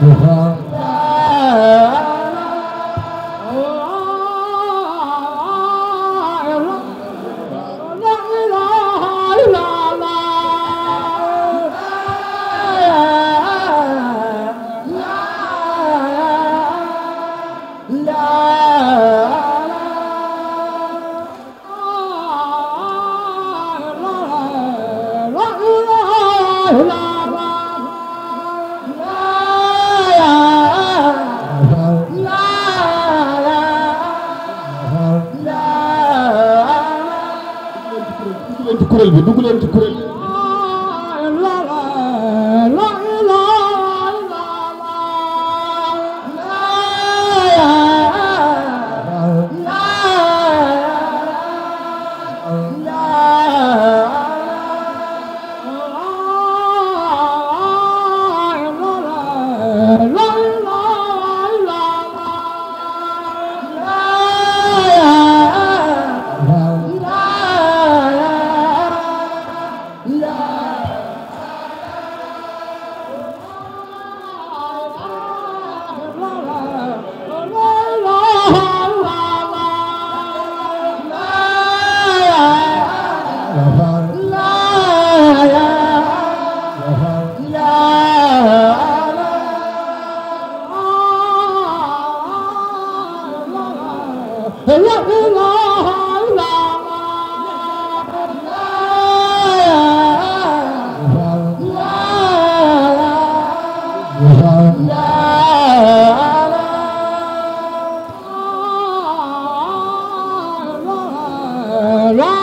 Duha leen ci kuréel bi dugg leen ci kuréel bi Right.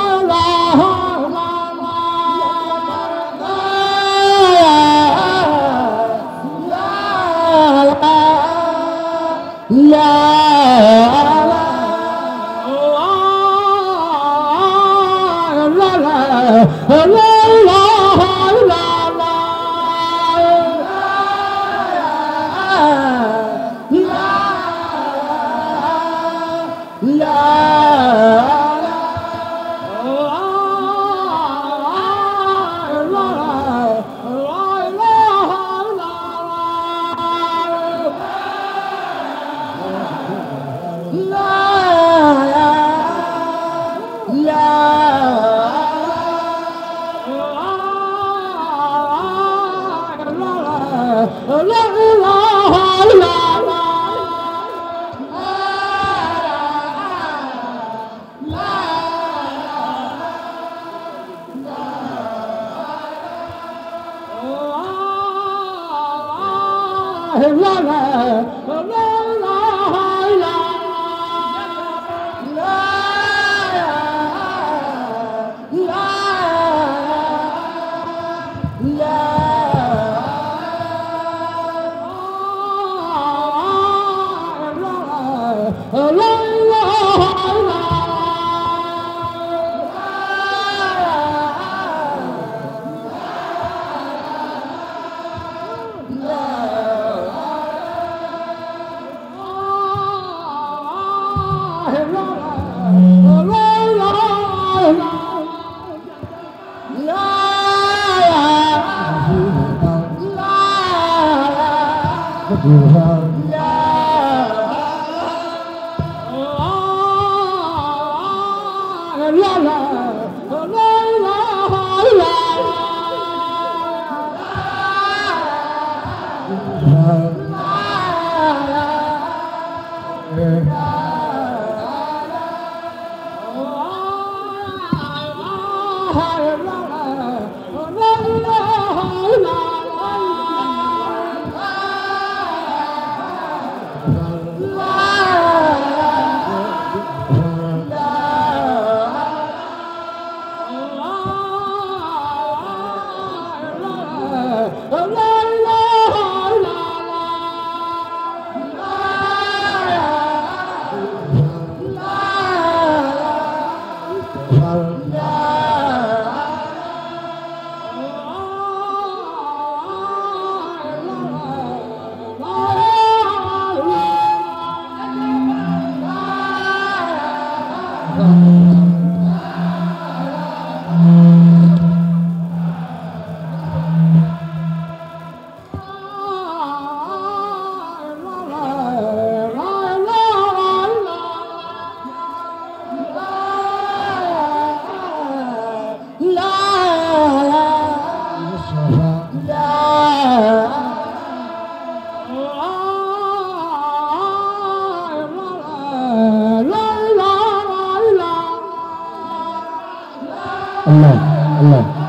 la la la la la الله الله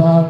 God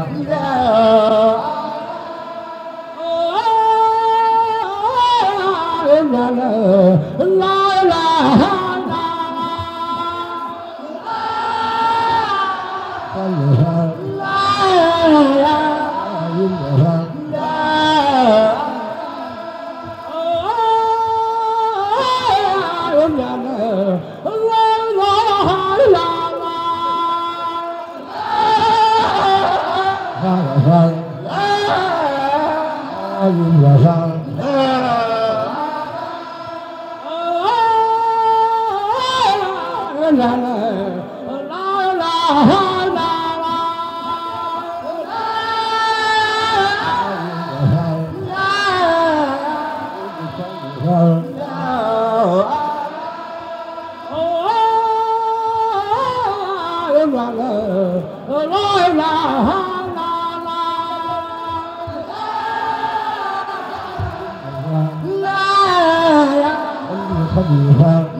在云崖上。他喜欢。